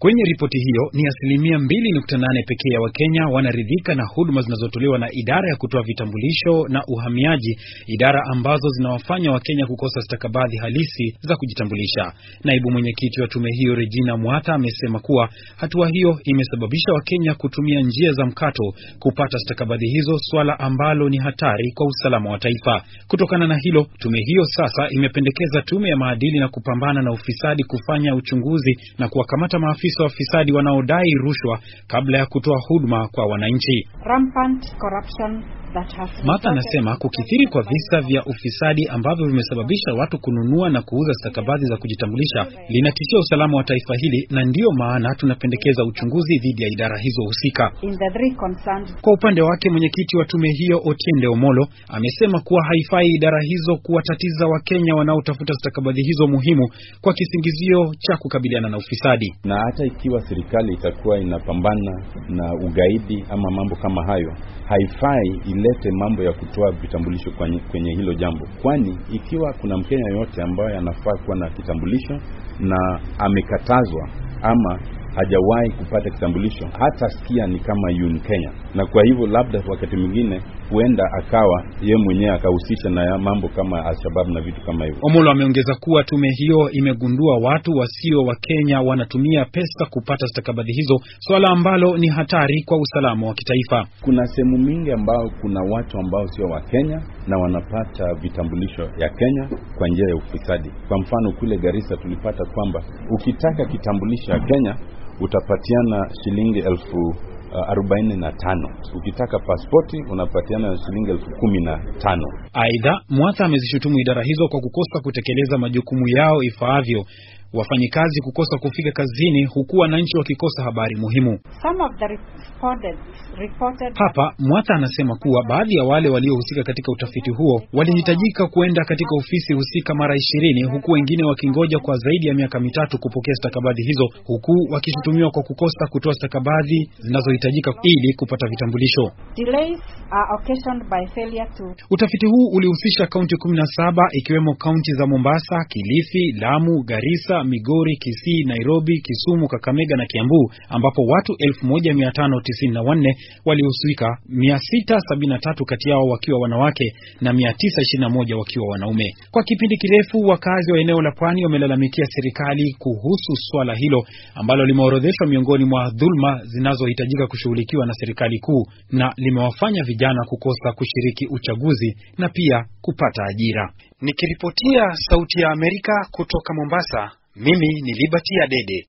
Kwenye ripoti hiyo ni asilimia 2.8 pekee ya Wakenya wanaridhika na huduma zinazotolewa na idara ya kutoa vitambulisho na uhamiaji, idara ambazo zinawafanya Wakenya kukosa stakabadhi halisi za kujitambulisha. Naibu mwenyekiti wa tume hiyo Regina Mwata amesema kuwa hatua hiyo imesababisha Wakenya kutumia njia za mkato kupata stakabadhi hizo, swala ambalo ni hatari kwa usalama wa taifa. Kutokana na hilo, tume hiyo sasa imependekeza tume ya maadili na kupambana na ufisadi kufanya uchunguzi na kuwakamata maafisa maafisa wafisadi wanaodai rushwa kabla ya kutoa huduma kwa wananchi. Rampant corruption Mata anasema kukithiri kwa visa vya ufisadi ambavyo vimesababisha watu kununua na kuuza stakabadhi za kujitambulisha linatishia usalama wa taifa hili, na ndiyo maana tunapendekeza uchunguzi dhidi ya idara hizo husika. Kwa upande wake, mwenyekiti wa tume hiyo Otiende Omolo amesema kuwa haifai idara hizo kuwatatiza Wakenya wanaotafuta stakabadhi hizo muhimu kwa kisingizio cha kukabiliana na ufisadi. Na hata ikiwa serikali itakuwa inapambana na ugaidi ama mambo kama hayo, haifai ile isilete mambo ya kutoa vitambulisho kwenye, kwenye hilo jambo, kwani ikiwa kuna Mkenya yoyote ambaye anafaa kuwa na kitambulisho na amekatazwa ama hajawahi kupata kitambulisho, hata sikia ni kama yu ni Kenya, na kwa hivyo labda wakati mwingine huenda akawa ye mwenyewe akahusisha na mambo kama alshababu na vitu kama hivyo. Omolo ameongeza kuwa tume hiyo imegundua watu wasio wa Kenya wanatumia pesa kupata stakabadhi hizo, swala ambalo ni hatari kwa usalama wa kitaifa. Kuna sehemu mingi ambao kuna watu ambao sio wa Kenya na wanapata vitambulisho ya Kenya kwa njia ya ufisadi. Kwa mfano kule Garissa tulipata kwamba ukitaka kitambulisho ya Kenya utapatiana shilingi elfu uh, arobaini na tano. Ukitaka paspoti unapatiana shilingi elfu kumi na tano. Aidha, Mwatha amezishutumu idara hizo kwa kukosa kutekeleza majukumu yao ifaavyo wafanyikazi kukosa kufika kazini, huku wananchi wakikosa habari muhimu. Some of the reported, reported... Hapa Mwata anasema kuwa baadhi ya wale waliohusika katika utafiti huo walihitajika kuenda katika ofisi husika mara ishirini, huku wengine wakingoja kwa zaidi ya miaka mitatu kupokea stakabadhi hizo, huku wakishutumiwa kwa kukosa kutoa stakabadhi zinazohitajika ili kupata vitambulisho. Delays are occasioned by failure to... Utafiti huu ulihusisha kaunti kumi na saba ikiwemo kaunti za Mombasa, Kilifi, Lamu, Garissa Migori, Kisii, Nairobi, Kisumu, Kakamega na Kiambu ambapo watu 1594 walihusika, 673 kati yao wakiwa wanawake na 921 wakiwa wanaume. Kwa kipindi kirefu wakazi wa eneo la Pwani wamelalamikia serikali kuhusu swala hilo ambalo limeorodheshwa miongoni mwa dhulma zinazohitajika kushughulikiwa na serikali kuu na limewafanya vijana kukosa kushiriki uchaguzi na pia kupata ajira. Nikiripotia Sauti ya Amerika kutoka Mombasa. Mimi ni Liberty Adede.